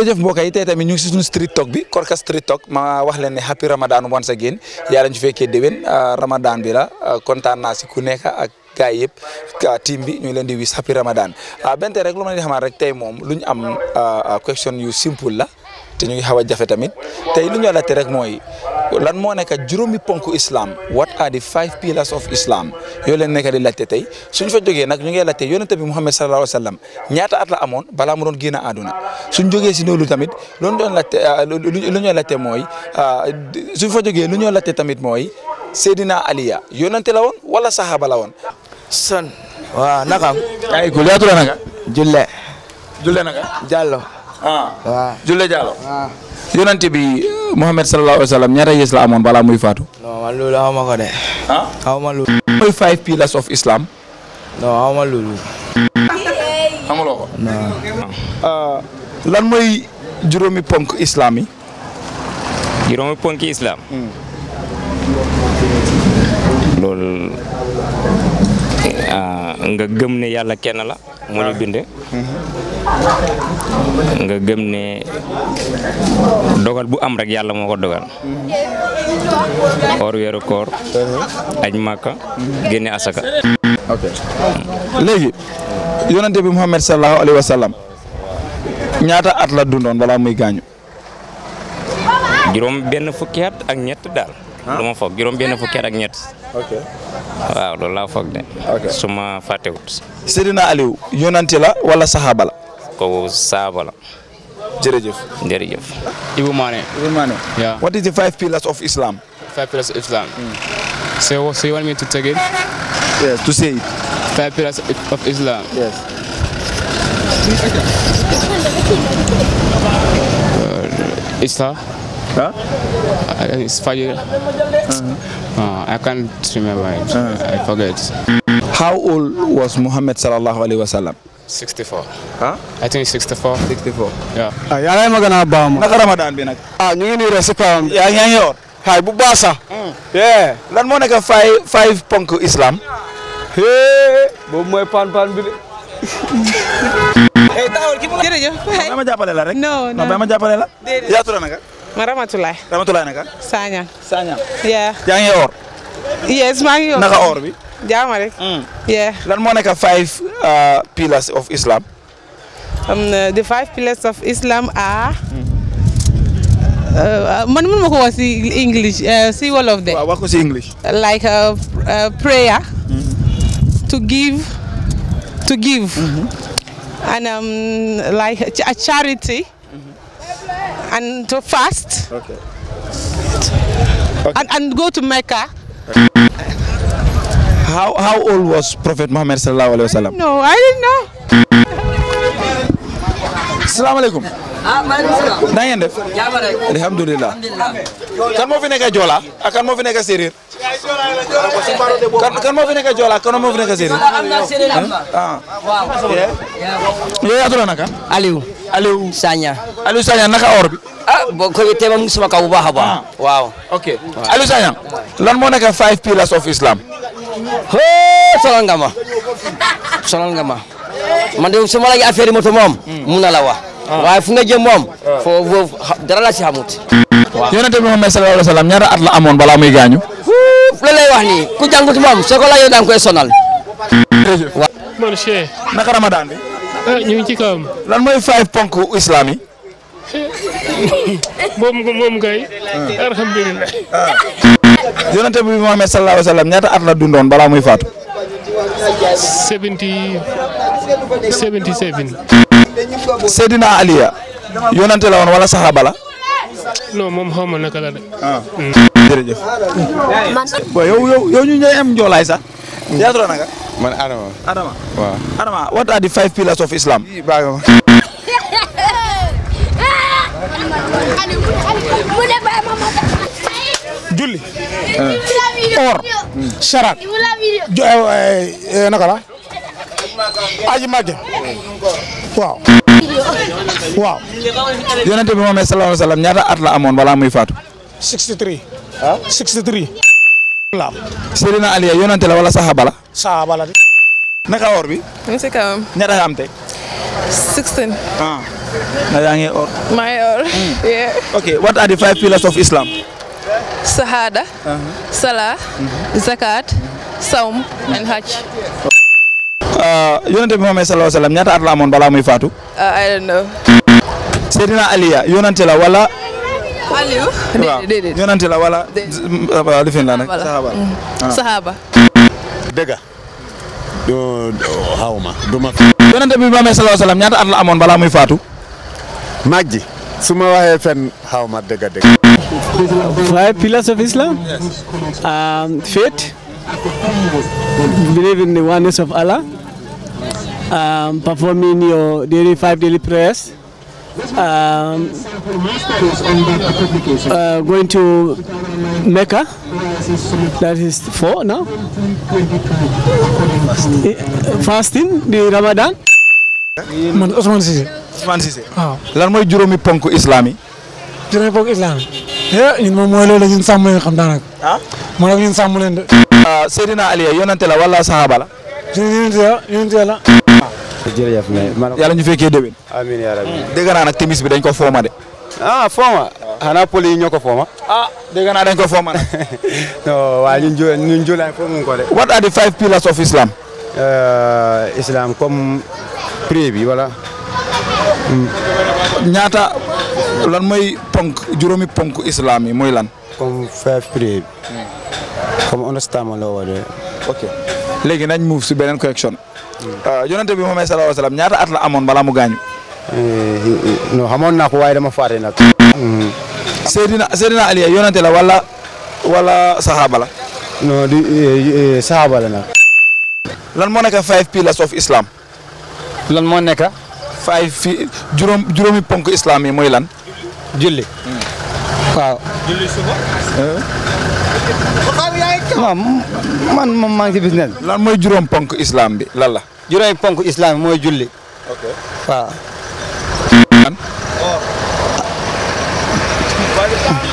jërëjëf mbokk yi tey tamit ñu ngi si suñu street talk bi Korka street talk ma wax leen ne happy Ramadan once again yàlla ñu fekkee déwén ah, Ramadan bila la ah, kontaan naa si ku nekk ak gaay yëpp ah, team bi ñu leen di wis happy Ramadan benn tey rek lu ma di xamaat rek tey moom lu ñu am question yu simple la. te ñu ngi xaw a jafe tamit tey lu ñu laajte rek mooy lan moo nekk juróomi ponk islaam what are the five pillars of islam yoo leen nekk di laajte tey suñ fa jógee nag ñu ngi laajte yonent bi Muhammad sallallahu alayhi wa sallam ñaata at la amoon balaa mu doon génn suñ jógee si loolu tamit loolu doon laajte ah, lu ñu laajte mooy ah, suñ fa jogee lu ñu laajte tamit mooy Seydina Aliya yonente la woon wala saxaaba la woon. son. waaw naka. ay kul yaa tudd Julle. waaw ah. ah. jalo. Diallo. Ah. bi mohammed sallallahu Alaihi Wasallam ñara ñaata la amone bala muy faatu. non man lolu xawma ko de. xawma lolu moy five pillars of Islam. non xawma lolu xamulo ko. non. lan moy juromi ponk islam yi. juromi ponk islam. Hmm. Eh, ah nga gëm ne yalla kenn la. moo la bind nga gëm ne dogal bu am rek yàlla moo ko dogal or weeru koor aj màkka génne asaka léegi yonente bi Muhammad sallallahu alayhi wa ñaata at la dundoon balaa muy gaañu juróom benn fukki ak ñett daal lu ah. ma juróom benn fukki ak ñett ok waaw loolu laa foog de. ok su ma fàttewut. yonante la wala saxaaba la. kooku saxaaba la. Ibu Mane. Ibu is the five pillars of Islam? Five pillars of Islam. Five pillars of Islam. Yes. Uh, Islam. Uh, Ah, I can't remember it. I ah. forget. How old was Muhammad sallallahu alaihi wasallam? 64. Huh? I think 64. 64. Yeah. Ay, ah, ya alay magana ba mo? Naka Ramadan bi nak. Ah, ñu ngi ressi pam. Ya ngi ya, yor. Ya. Hay bu basa. Hmm. Yeah. Lan mo nek five five ponk Islam? Hey, bo moy pan pan bi. Eh, tawol ki mo. Jërëjëf. Dama jappale la rek. No, no. Dama jappale la. Ya tura naka? ma Ramatulaay. Ramatulaay naka. Saaña. Saaña. yaa ngi or. yes maa ngi naka or bi. jama rek. Mm. yeah. lan moo nekk five uh, pillars of Islam. Um, uh, the five pillars of Islam are. Mm. Uh, man mun ma ko wax si English si wolof of waaw wax ko si English. like prayer. Mm. to give to give. Mm-hmm. and um, like charity. and to fast. Okay. okay. And, and go to Mecca. How, how old was Prophet Muhammad No, I didn't know. salaamaaleykum. Ah, salaam. na ngeen def. jaama ah, kan moo fi nekk Joola kan moo fi nekk Séeréer. kan kan moo fi nekk Joola ak kan ah. naka. Aliou. Aliou Sagna. Aliou naka or bi. ah boo ko tee ma mu ngi sama kaw bu baax a baax. waaw. ok Aliou Sagna. lan moo nekk five pillars of Islam. hoo sonal nga ma. sonal nga ma. man de su ma la affaire moto moom. Hmm. mun na la wax. Ah. waaye fu nga jëm moom ah. foofu dara la ci xamut waaw bi Muhammad sallallahu alayhi wa sallam ñaata at amoon balaa muy gaañu fuuf la lay wax nii ku jàngut moom soo ko laajee da nga koy sonal waaw naka ramadan bi ah, ñu ngi ci kawam lan mooy five ponk islam yi moom moom bi Muhammad sallallahu alayhi wa sallam ñaata at dundoon balaa muy faatu 77 Seydina Aliya yonante la woon wala saxaaba la non moom xaw ma naka la de. ah mm. jërëjëf. booy yow yow yow ñu ñooy am njoolaay sax. yaatu la naka. man Adama. Adama waaw. Adama what are the five pillars of Islam. julli. Eh. or. saraat. Mm. Eh, eh, naka la. aji Màgge waaw. waaw. yonente bi moom sallallahu alayhi wasallam ñaata at amoon balaa muy faatu. 63. ah 63. waaw. Seydina Aliya yonente la wala saxaaba la. saxaaba la de. naka or bi. ñaata am tey. Ah. na yaa ngi or. maa hmm. what are the five pillars of Islam. Sahada. Uh-huh. Salah. Uh-huh. Zakat. Sawm and Hajj. Eh, yonante bi Muhammad sallallahu Alaihi Wasallam, sallam at la amoon bala muy uh, I don't know. sayidina Aliya yonante la wala. Aliou. yonante la wala. déedéet ah, lifin la nag sahaba Dega. saxaaba. Mm. Ah. dëgg xawma duma yonante bi Muhammad sallallahu Alaihi Wasallam, sallam at la amoon bala muy fatu Majji suma waxe fen hauma dega dega Why pillars of Islam. Yes. Um, faith. Believe in the oneness of Allah um, performing your daily five daily prayers. Um, uh, going to Mecca. That is four now. Fasting the Ramadan. man Ousmane Cissé. Ousmane Cissé. waaw ah. lan mooy juróomi ponk islam yi. juróomi ponk islam yi. ñun moom mooy loolu ñun sàmm leen xam daanaka. ah mooy ñun sàmm leen de. Ah, Seydina Aliya yonante la wala sahaba la. yonante ya, ya la yonante la. jërëjëf mais. ñu fekkee déwén. amiin yaa nag timis bi dañ ko fooma de. Ah, fooma. xanaa poli yi ñoo ko fooma. ah dégg naa dañ ko fooma nag. non waa ñun Jula ñun Jula de. five pillars of Islam. Euh, islam comme prière bi wala. Hmm. ñaata lan mooy ponk juróomi ponk islam yi lan. comme five prière léegi nañ move si beneen correction euh, yonente bi Muhammad sallallahu alayhi wasallam ñaata at la amone bala mu gañu eh, non xamoon naa ko waaye dama faté nak hmm. sayidina sayidina ali yonente la wala wala sahaba la. no di eh, eh, sahaba la nak lan mo nek 5 pillars of islam. lan mo nek 5 jurom juromi ponk islam yi moy lan. julli. Hmm. waaw. julli suba non man mom maa ci business lan moy juróom ponk islam bi lan la. juróomi ponk islam moy julli. ok wa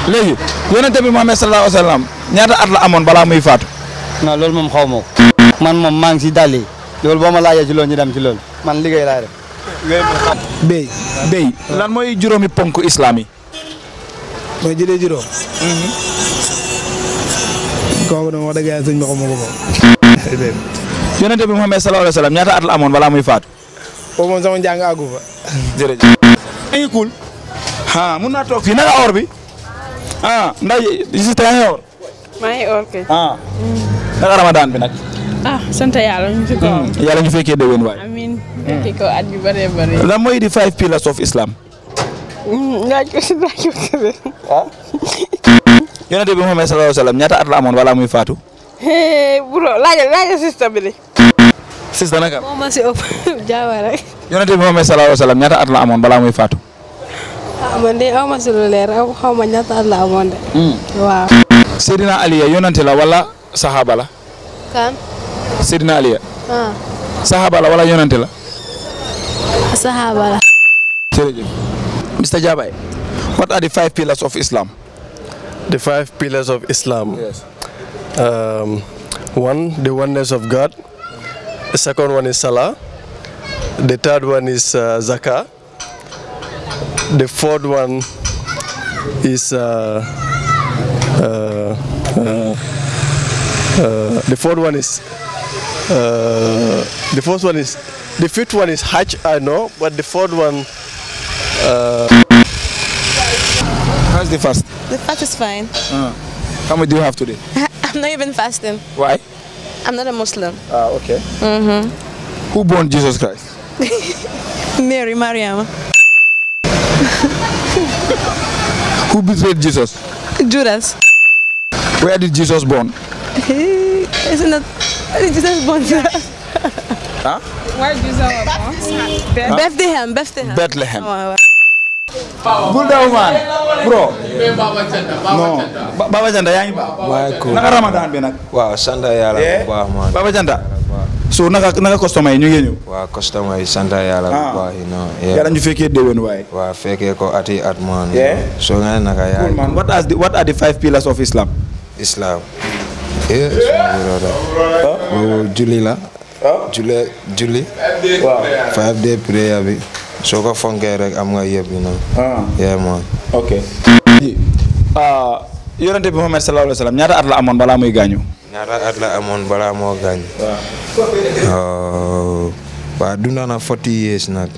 léegi yonente bi Muhammad sallallahu alaihi wasallam ñaata at la amone bala muy fatu na lol mom xawmo man mom maa ngi si dàll yi. loolu boo ci lol ñu dem ci lol man ligay la def. be be lan moy juróomi ponku islami moy mooy jëlee hmm ko nag wax dëgg yàlla sëñ bi xamu ko moom. yonente bi Muhammad sallallahu alayhi wa sallam ñaata at la amoon balaa muy fa. jërëjëf. yaa ngi kuul. ah mun naa bi. ah ndax si kay. ah. naka bi nag. ah sant yàlla ñu hmm, fekkee déwén waay. amiin hmm. fekkee mooy di five pillars of Islam. Hmm, yonent bi Muhammad sallallahu alayhi wa ñaata at la amoon wala muy faatu. sista bi. sista naka. moo ma si rek. yonent bi Muhammad sallallahu alayhi wa ñaata at la amoon balaa muy faatu. ah hmm. Aliya yonent la wala saxaaba la. kan. Aliya. ah. wala yonent la. saxaaba the five pillars of Islam. Yes. Um, one, the oneness of God. The second one is Salah. The third one is uh, Zakah. The fourth one is uh, uh, uh, uh the fourth one is uh, the first one is the fifth one is Hajj. I know, but the fourth one. Uh, How's the first? The fat is fine. Uh, how many do you have today? I'm not even fasting. Why? I'm not a Muslim. Ah, uh, okay. Mm-hmm. Who born Jesus Christ? Mary, Mariam. Who betrayed Jesus? Judas. Where did Jesus born? Isn't that Jesus born? huh? Where Jesus born? Bethlehem. Bethlehem. Bethlehem. Bethlehem. Oh, Buldauman, bro No, Baba Janda baba janda. baax waaye ko naka Ramadan bi nag waaw sant yàlla bu man Baba Janda so naga naga customer ini ñu ngi Wah, customer yi sant yàlla bu ah. baax non yàlla ñu fekkee déwén waaye Wah, fekkee ko ati atman. so nga naga ya. man what are the what are the five pillars of Islam Islam Oh, juli lah. Juli, Juli. five day prayer bi soo ko fonkee rek am nga yëpp you know. Ah. yeah man. ok. Ah, bi Muhammad sallallahu alayhi la amoon balaa muy gaañu. ñaata at la amoon oh, forty years nag.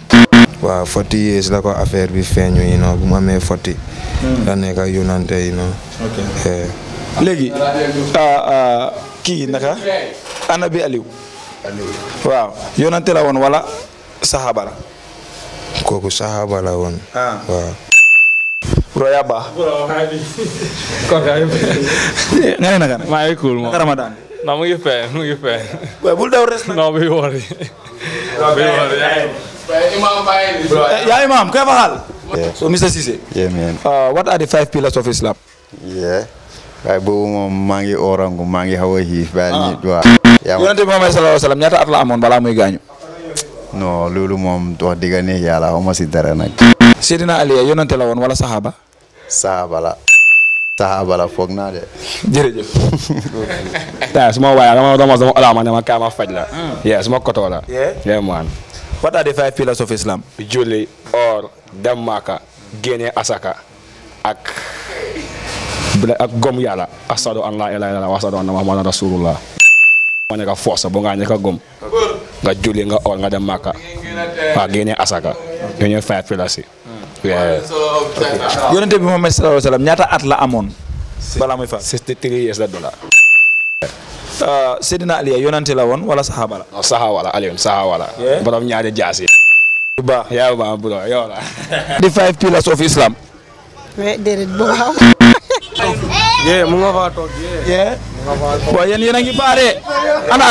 waaw forty years la ko affaire bi feeñu you know bu mu amee forty. Hmm. la nekk ak yonente you léegi. Ah, kii naka. Anabi Aliou. Aliou waaw la woon wala saxaaba kooku sahaba la woon waaw Roya Ba. ko ne naka nag. maa ngi cool mo naka Ramadan. non yefe ngi fee mu ngi fee. waaye bul daw res. non bi wori. bi wori. imam bàyyi. Eh, ya imam kay hal ya. so Mr Cissé. yeah man. Uh, what are the five pillars of Islam? yeah. waaye bo mo mangi ngi orangu maa ngi xaw a xiif. waaye ah. nit waa. Muhammad sallallahu alaihi wasallam sallam at la amon bala muy gañu non loolu moom wax dëgg ne yàlla xaw ma si dara nag. Seydina Aliou yonante la woon wala saxaaba. saxaaba la. saxaaba la foog naa de. jërëjëf. taa suma waay dama ma kaa faj la. Hmm. yeah suma koto la. yeah yeah man. What are Islam? julli or dem Maka asaka ak gom yàlla asadu an laa ilaaha illallaah wa asadu anna muhammadan rasulullah nga ñaka force bo nga ñaka gom nga julli nga or nga dem Màkka waa génne asaka ñooñu fayat filasi yonente bi Muhammad sallallahu alayhi at la amoon balaa muy faat sixty three years la dola uh, Seydina Aliya yonente la woon wala saxaaba la non saxaaba la Aliyun saxaaba la borom ñaari jaasi ba yaa ba bu do yow la the five pillars of Islam déedéet bu yee mu nga faa toog yee. boo yéen yéen a ngi baaree. ana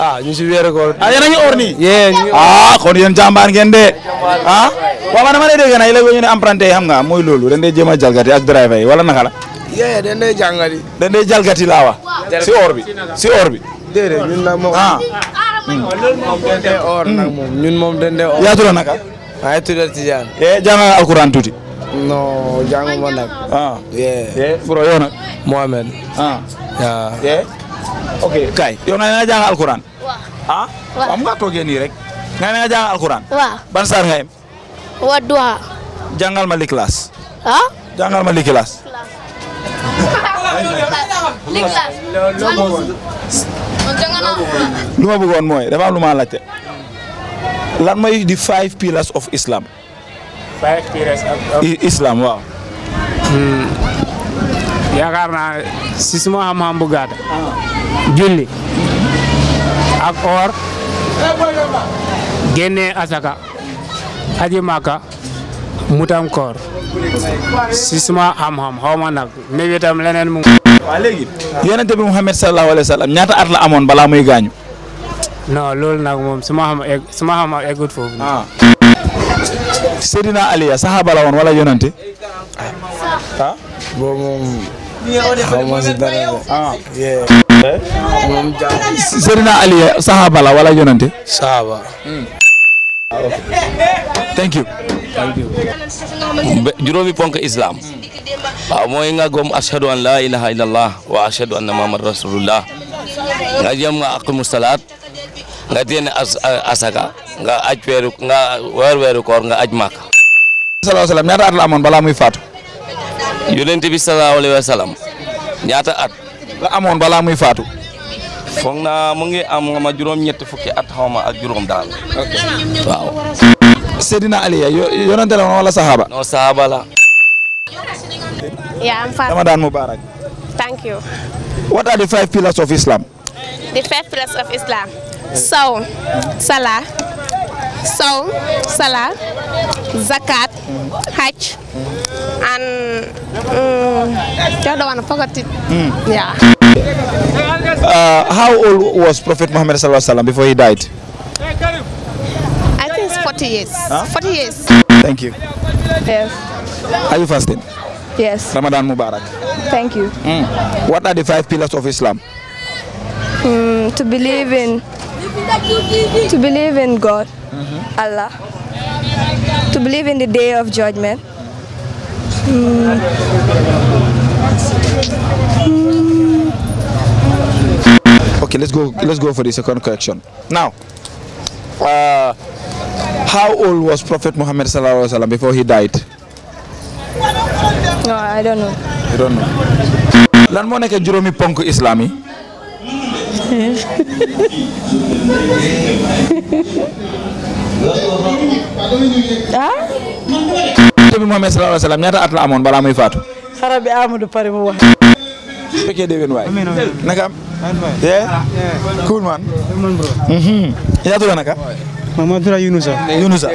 ah, ñu si weeru koor. ah yéen a ngi or nii. yee ah kon yéen jàmbaar ngeen de. ah waaw man dama lay dégg nag léegi ñu ne yi xam nga mooy loolu dañ dee jéem a jalgati ak driver yi wala naka la. yee dañ dee jàngati. jalgati laa wax. si or bi si or bi. déedéet ñun moom. ah. Hmm. moom dañ dee naka. maa ngi tudd Tidiane. yee No jangan ma nag. ah yeah. yeah bro yow nag. Mohamed. ah waaw. Ya. yeah. Oke, kai. yow na nga jàng alquran. Wah. ah. waaw am nga toogee nii rek. nga ne nga jàng alquran. waaw ban saar nga yem. Jangan malik kelas. liklaas. ah. jàngal ma kelas. liklaas. lu ma bëggoon mooy dafa am lu di five pillars of Islam. Baye Pires waaw. Hmm. yaakaar naa si suma xam-xam bu julli ak or génne asaka aji màkka mutam koor si suma xam-xam xaw ma nag mais itam leneen mu. waaw léegi yonente bi Muhammad sallallahu alayhi wa ñaata at la amoon balaa muy gaañu. non loolu nag moom suma xam egg suma xam Seydina Aliya saxaaba wala yonante ah, ah. ah Aliya saxaaba wala yonante saxaaba hmm. thank you juróomi ponk islam hmm. waaw mooy nga gom ashhadu an la ilaha illallah wa ashhadu anna muhammadan rasulullah nga jëm aqimu salaat nga génne asaka nga aj weeru nga weer weru kor nga aj maka sallallahu alaihi wasallam nyaata at la amoon bala muy fatu yonent bi sallallahu alaihi wasallam nyaata at la amoon bala muy fatu fogna mo ngi am nga ma juróom ñetti fukki at xawma ak juróom dal waaw sayidina Ali yonente la wala sahaba no sahaba la ya am fatu Ramadan Mubarak thank you what are the five pillars of Islam the five pillars of Islam So, sala so, sala zakat hajj and um, the other one I forgot it mm. yeah uh, how old was prophet muhammad sallallahu Alaihi Wasallam before he died i think it's 40 years huh? 40 years thank you yes are you fasting yes ramadan mubarak thank you mm. what are the five pillars of islam Mm, to believe in to believe in God, mm -hmm. Allah, to believe in the day of judgment. Mm. Okay, let's go. Let's go for the second correction now. Uh, how old was Prophet Muhammad sallallahu alaihi wasallam before he died? No, I don't know. You don't know. Lan mo nek juromi ponk islam ah. bi Muhammad sallallahu alayhi ñaata at amoon balaa muy faatu. xarab bi Amadou mu wax. fekkee déwén waay. Eh? Eh. man. Mhm. yaa naka. Yunusa. Yunusa.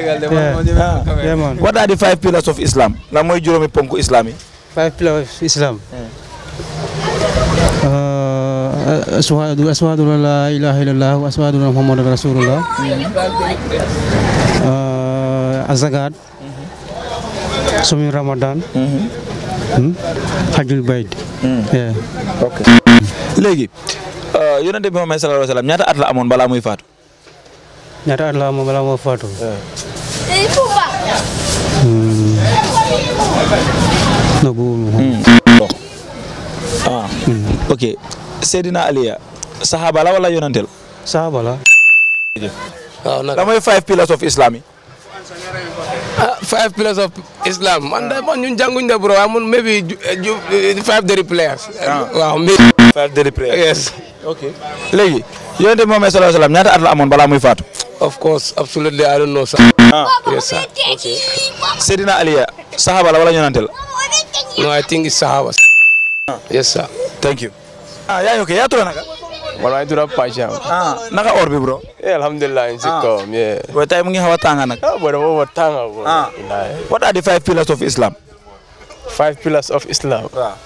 what are the five pillars of Islam. lan mooy juróomi ponku islam Aswadu aswadu la ilaha illallah aswadu asyhadu rasulullah uh, eh, azakat mhm. sumi ramadan mhm. hmm? hajjul bait hmm. yeah. okay. léegi eh, yonente Nabi Muhammad sallallahu alaihi wasallam ñaata at la amoon Nyata muy faatu ñaata at la amoon balaa muy faatu Nabu. Hmm. Oh. Ah. Hmm. Okay sedina Aliya sahaba la wala yonantel sahaba la la moy five pillars of islam ah, five pillars of islam man de man ñun jangu de bro amul maybe eh, eh, five daily prayers ah. waaw maybe five daily prayers yes Okay. Legi, yonente moom sallallahu alayhi wasallam ñata at la amone bala muy fatu of course absolutely i don't know sir ah. yes sir sedina Aliya sahaba la wala yonantel no i think it's sahaba yes sir thank you Ah, ya yo ke ya, ya tura naga. Wala itu rap pacha. Ah, naga orbi bro. Ya alhamdulillah Insya Allah. Yeah. buat apa mungkin hawa tanga naga. Ah, bora wa tanga bro. Ah. Ya. What are the five pillars of Islam? Five pillars of Islam. Ah.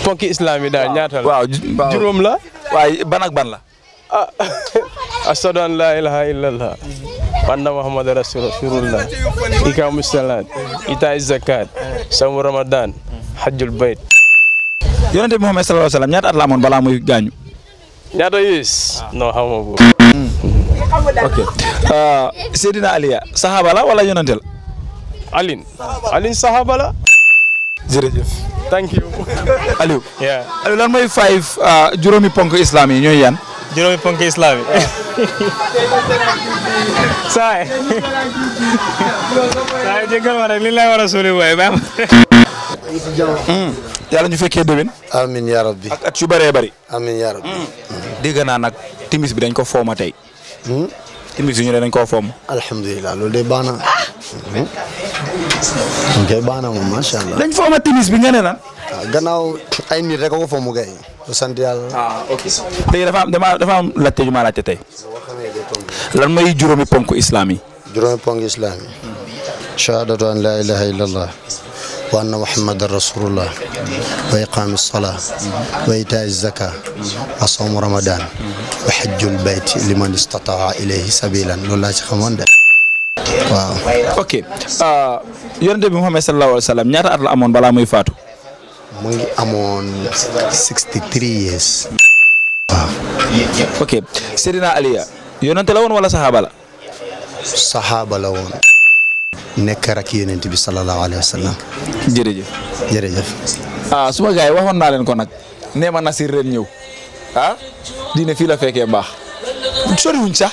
Ponki Islam ya, da ñaatal. Waaw, juroom la. Way ban ak ban la? Ah. Ashhadu an la ilaha illallah. Panna Muhammad Rasulullah. Ikamus salat, ita zakat, saum Ramadan, hajjul bait yonante bi Muhammad sallallahu Alaihi wasallam ñaata at la amoon bala muy gaañu ñaata yis non xawma bu hmm. ok ah, sayidina Aliya sahaba la wala yonante la Alin Alin sahaba la jërëjëf thank you Aliou Aliou lan mooy five ah, juromi ponk islam yi ñooy yan juromi ponk islam yi Say saay jëggal ma li lay wara suri way ba yàlla ñu fekkee déwén. amiin yaa rabbi. ak at yu bëree bëri. amiin yaa rabbi. Mm. dégg naa nag timis bi dañ ko fooma tey. Hmm? timis yi ñu ne dañ ko foom. alhamdulilah loolu de baax na. Hmm? ok baax na moom macha dañ fooma timis bi nga ne lan. Ah, gannaaw ay nit rek a ko foomu gay. sant yàlla. ah ok léegi dafa am dafa am laajte tey. lan mooy juróomi ponk islam yi. juróomi ponk islam yi. Hmm. an la ilaha illallah. وأن محمد رسول الله وإقام الصلاة وإيتاء الزكاة وصوم رمضان وحج البيت لمن استطاع إليه سبيلا لله خمان اوكي اه محمد صلى الله عليه وسلم نيار ات لا امون بلا موي فاتو موي امون 63 years اوكي سيدنا علي يونت لاون ولا صحابه لا صحابه لاون nekk rak yonent bi sallallahu alayhi wa sallam. jërëjëf. jërëjëf. ah suma gars waxoon naa leen ko nag nee ma Nasir ren ñëw ah diine fii la fekkee baax soriwuñ sax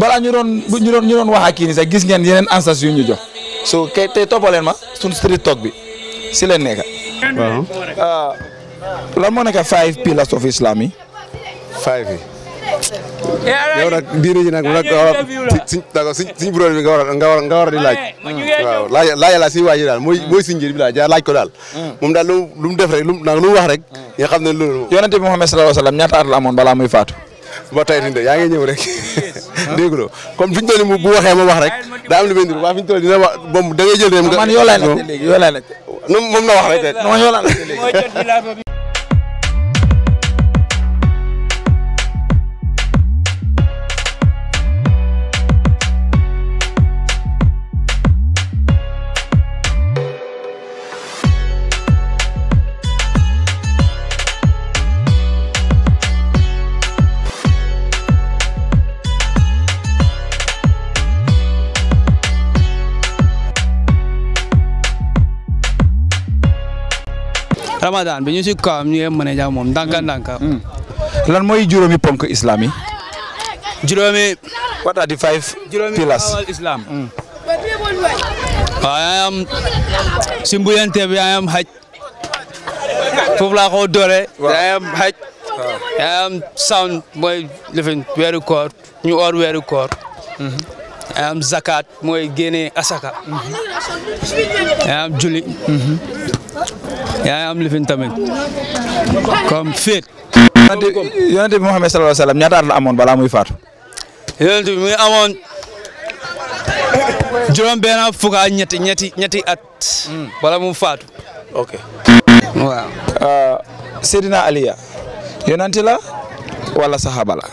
balaa ñu doon ñu doon wax ak sax gis ngeen yeneen ansas yu ñu jox so kay tey ma suñ street talk bi si leen nekka waaw. Ah, lan moo nekk five pillars of Islam yow nag diine ji nag nag si si si borom bi nga war a nga war a nga war a di laaj. waaw laaj laajala si waa ji daal mooy mooy si njëriñ bi daal jaar laaj Muhammad sallallahu alayhi wasallam ñaata at la amoon balaa muy faatu. ba tey nii de yaa ngi ñëw rek dégg nga comme fi ñu toll bu waxee ma wax rek daa am lu muy ndir Ramadan bi ñu si kawam ñu ngi mën moom ndànk hmm. ndànk. Hmm. lan mooy juróomi ponk islam yi. juróomi. what are the five pillars islam. Hmm. waaw yaa ngi am si mooy lifin weeru koor ñu or weeru koor. am zakat mooy génnee asaka am julli mhm. am lifin tamit comme féet yonente bi Muhammad sallallahu alayhi wasallam ñaata at la amoon balaa muy faatu yonente bi muy amoon juróom benn fukk ak ñetti at mm. balaa mu faatu ok ah, Aliya yonente la wala saxaaba la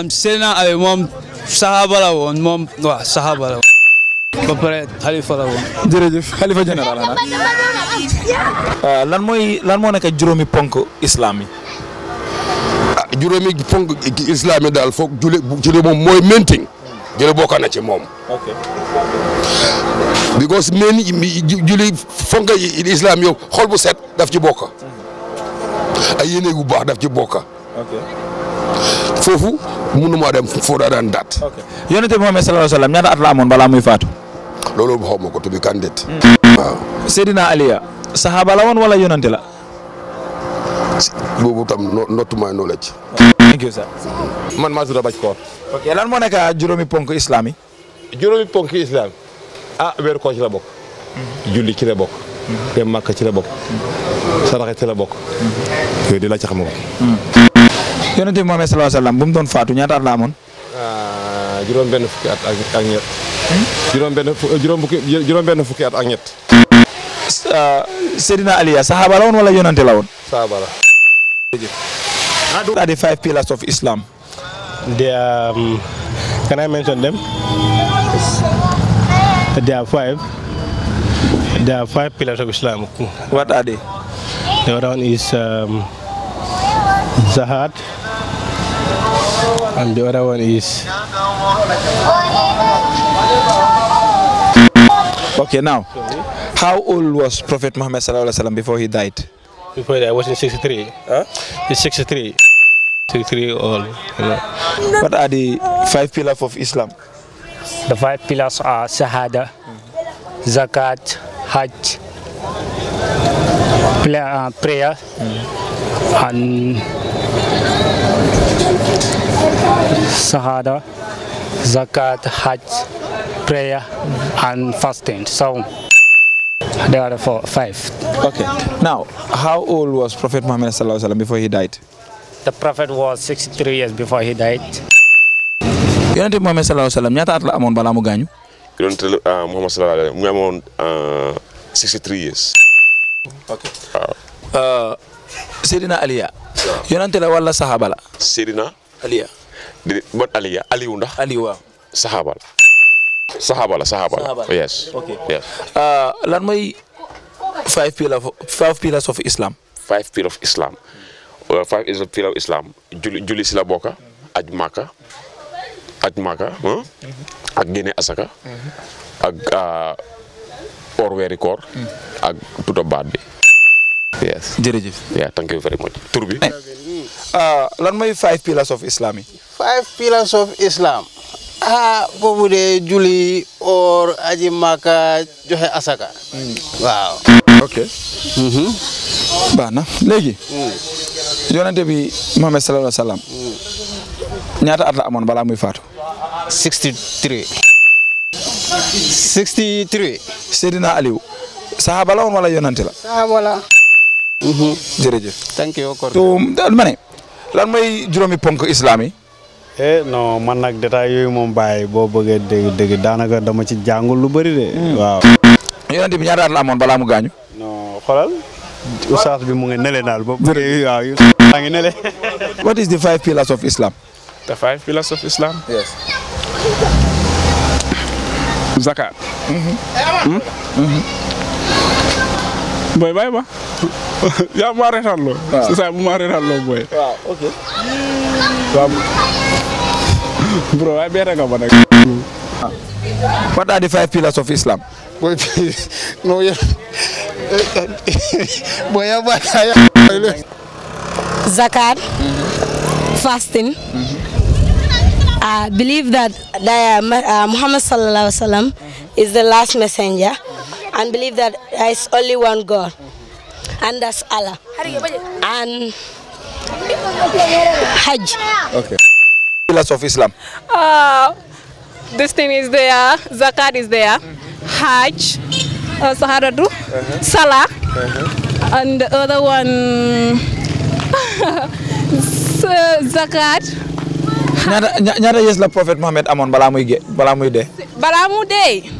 um, Seydina Ali moom saxaaba la woon moom waaw saxaaba woon ba pare xalifa la woon. jërëjëf xalifa général ah, lan mooy lan moo nekk juróomi ponk islam yi. Ah, ponk islam daal foog jule moom mooy mainting jule bokka na ci moom. ok. because men juli fonk islam xol bu set daf ci bokk. Mhm. ay baax daf ci foofu mënumaa dem foo daa daan daat. ok yonent bi Muhammad sallallahu ñaata at la amoon balaa muy faatu. loolu xaw ma ko tubi kandet. Hmm. waaw. Seydina Aliya saxaaba la woon wala yonent la. boobu tam notumaa noo la ci. thank you sir. man maa tudd Bathie Koor. ok lan moo nekk juróomi ponk islam yi. juróomi ponk islam ah weeru la bokk. Hmm. julli ci la bokk. Hmm. dem Makka ci la bokk. saraxe ci la bokk. yooyu di la ci xam nga. yonent bi sallallahu alayhi wasallam sallam bu mu doon faatu ñaata la amoon. Ah, juroom ben fukki at ak ñet hmm? juroom eh, juróom benn fu juróom fukki at ak Aliya sahaba la wala yonante lawon sahaba la. What are the five pillars of Islam? They are, um, can I mention them? There are five. There are five pillars of Islam. What are they? The other one is um, Zahad. and the other one is okay now how old was prophet muhammad sallallahu before he died before that i was he 63 huh he's 63 63 old what are the five pillars of islam the five pillars are shahada zakat hajj uh, prayer mm. and Shahada, Zakat, Hajj, prayer and fasting, Saum. There are four, five. Okay. Now, how old was Prophet Muhammad sallam, before he died? The Prophet was 63 years before he died. Yonent bi Muhammad sallallahu alayhi wa sallam ñaata at la amoon balaa mu gaañu. Yonent ah, Muhammad sallallahu alayhi wa sallam mu ngi amoon 63 ah, years. ok waaw. Ah. Seydina Aliya. waaw yonent la wala saxaaba la. Seydina. aliya di bon aliya aliyu ndax aliyu waaw saxaaba la saxaaba la saxaaba ah, five pillars five pillars of islam five pillars of aj màkka aj màkka ak génne asaka ak ah, or weeri koor ak tuta baat bi yes jërëjëf thank you very much tur bi eh. Ah, lan mooy five pillars of islam eh. five pillars of islam. ah bobu de julli or aji maka joxe asaka. Hmm. waaw. ok. Mhm. baax na legi. yonente hmm. bi Muhammad sallallahu alaihi wasallam sallam. Hmm. ñaata at la amoon balaa muy fatu 63. 63. Seydina ali sahaba la woon wala yonante la. sahaba la. Mm-hmm. jërëjëf. thank to ma ne lan mooy juróomi ponk islam yi. eh non man nag détail yooyu moom bàyyi boo bëggee daanaka dama ci jàngul lu bari de. Mm. waaw. yonent bi ñaata at la amoon balaa gaañu. non xoolal. ustaas bi mu ngi nele daal boobu. jërëjëf waaw maa ngi nele. what is the five pillars of Islam. the booy bàyyi ma yaa ma reetaan loo. waaw c'est ça bu ma reetaan loo booy. waaw ok. waaw. bro waaye beeree nga ba nag. Ah. What are the five pillars of Islam? Boy, no, yeah. Boy, yeah, boy, yeah. Zakat, mm-hmm. fasting. Mm-hmm. I believe that the, uh, uh, Muhammad sallallahu alaihi wasallam mm-hmm. is the last messenger. and believe that there is only one God, and that's Allah. And Hajj. Okay. Pillars of Islam. Uh, this thing is there, Zakat is there, Hajj, uh, Saharadu, uh -huh. Salah, uh -huh. and the other one, uh, Zakat. ñaata ñaata Yes, la prophète Mohammed amoon balamu muy ge balaa muy dee.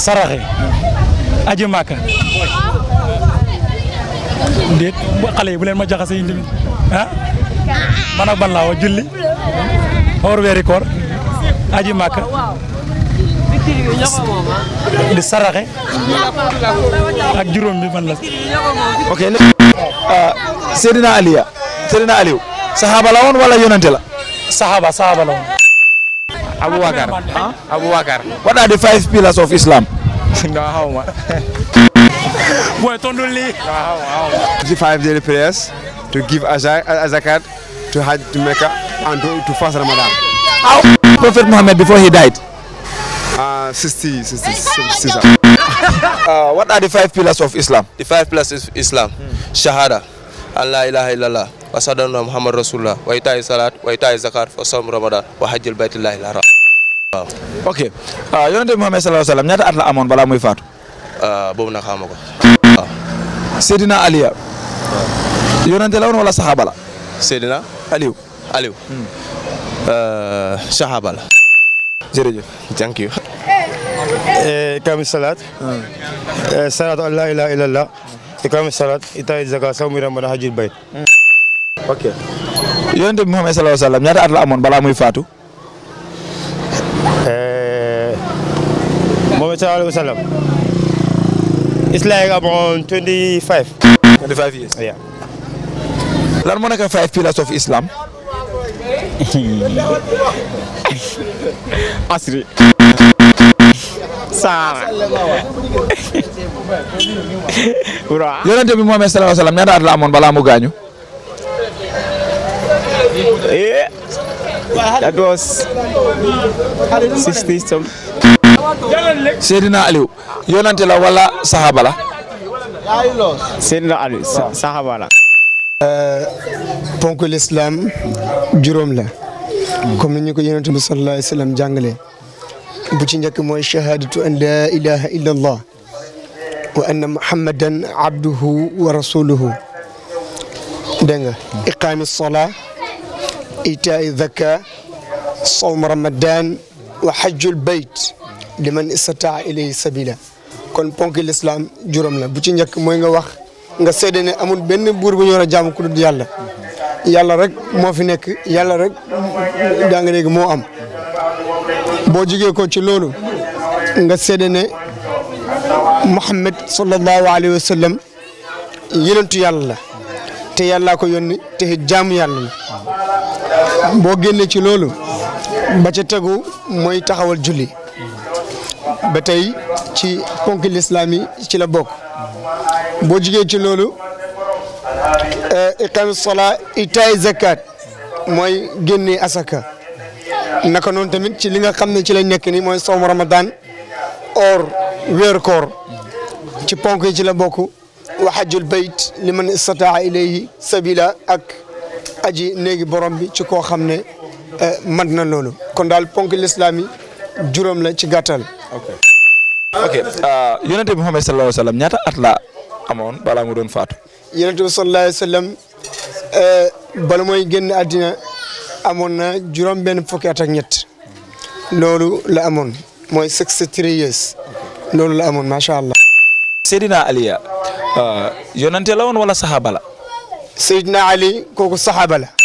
saraxe aji màkka déet xale yi bu leen ma jaxase yi tamit ah man ak ban laa wa julli xoor weeri koor aji màkka di saraxe ak juróom bi ban la ok ah, Seydina Aliya Seydina Aliou la woon wala yonante la saxaaba saxaaba la woon Abu Bakar. Huh? Abu Bakar. What are the five pillars of Islam? no, how much? Boy, Tonduli. No, how, how. The five daily prayers, to give azak, zakat, to Hajj to Mecca, and to, to fast Ramadan. How Prophet Muhammad before he died? Uh, 60, 60, 60. uh, what are the five pillars of Islam? The five pillars of Islam. Hmm. Shahada. Allah ilaha illallah. وصلى الله محمد رسول الله وإيتاء الصلاة وإيتاء الزكاة وصوم رمضان وحج البيت الله الحرام اوكي يونس محمد صلى الله عليه وسلم نيات لا امون بلا موي فات ا بوم نا خامكو سيدنا علي يونس لا ولا صحابه لا سيدنا علي علي ا صحابه لا جيري ثانك يو ا كامي صلات ا صلاه الله لا اله الا الله اقام الصلاه ايتاء الزكاه صوم رمضان حج البيت ok yonent bi Muhammad sallallahu alayhi wa sallam at la amoon balaa muy faatu. Eh, lan moo nekk five pillars of Islam. asri. saara. yonent bi Muhammad sallallahu alayhi wa sallam ñaata at la amoon balaa mu gaañu. Yeah, na was 60 la wala saxaaba la. Seydina Aliou saxaaba la. Euh, ponk lislaam juróom la. comme ni ñu ko yonante bi sallallahu alayhi wa sallam jàngalee. bu ci njëkk mooy shahadatu an laa ilaha illa allah wa anna muhammadan abduhu wa rasuluhu dégg nga إيتاء الذكاء صوم رمضان وحج البيت لمن استطاع إليه سبيلا kon ponk lislaam juróom la bu ci njëkk mooy nga wax nga seede ne amul benn buur bu ñu war a jaamu ku dul yàlla yàlla rek moo fi nekk yàlla rek daa nga moo am boo jugee ko ci loolu nga seede ne Muhammad sallallahu alayhi wa sallam yonentu yàlla la te yàllaa ko yónni te jaamu yàlla la boo génnee ci loolu ba ca tegu mooy taxawal julli ba tey ci ponk lislaam yi ci la bokk boo jigee ci loolu eh, iqaami salaa itaay zakat mooy génnee asaka naka noonu tamit ci li nga xam ne ci lañ nekk ni mooy sawm ramadan or weer koor ci ponk yi ci la bokk wa hajjul bayt liman istataa ilayhi sabila ak aji néegi borom bi ci koo xam ne eh, mat na loolu kon daal ponk lislaam yi juróom la ci gàttal. ok ok euh, yonente bi Muhammad sallallahu alayhi ñaata at la amoon balaa mu doon faatu. yonente bi sallallahu alayhi wa eh, bala mooy génn àddina amoon na juróom benn ñett loolu la amoon mooy sixty three loolu la amoon macha allah. Seydina Aliya euh, yonente la woon wala saxaaba la. سيدنا علي كوكو صحابله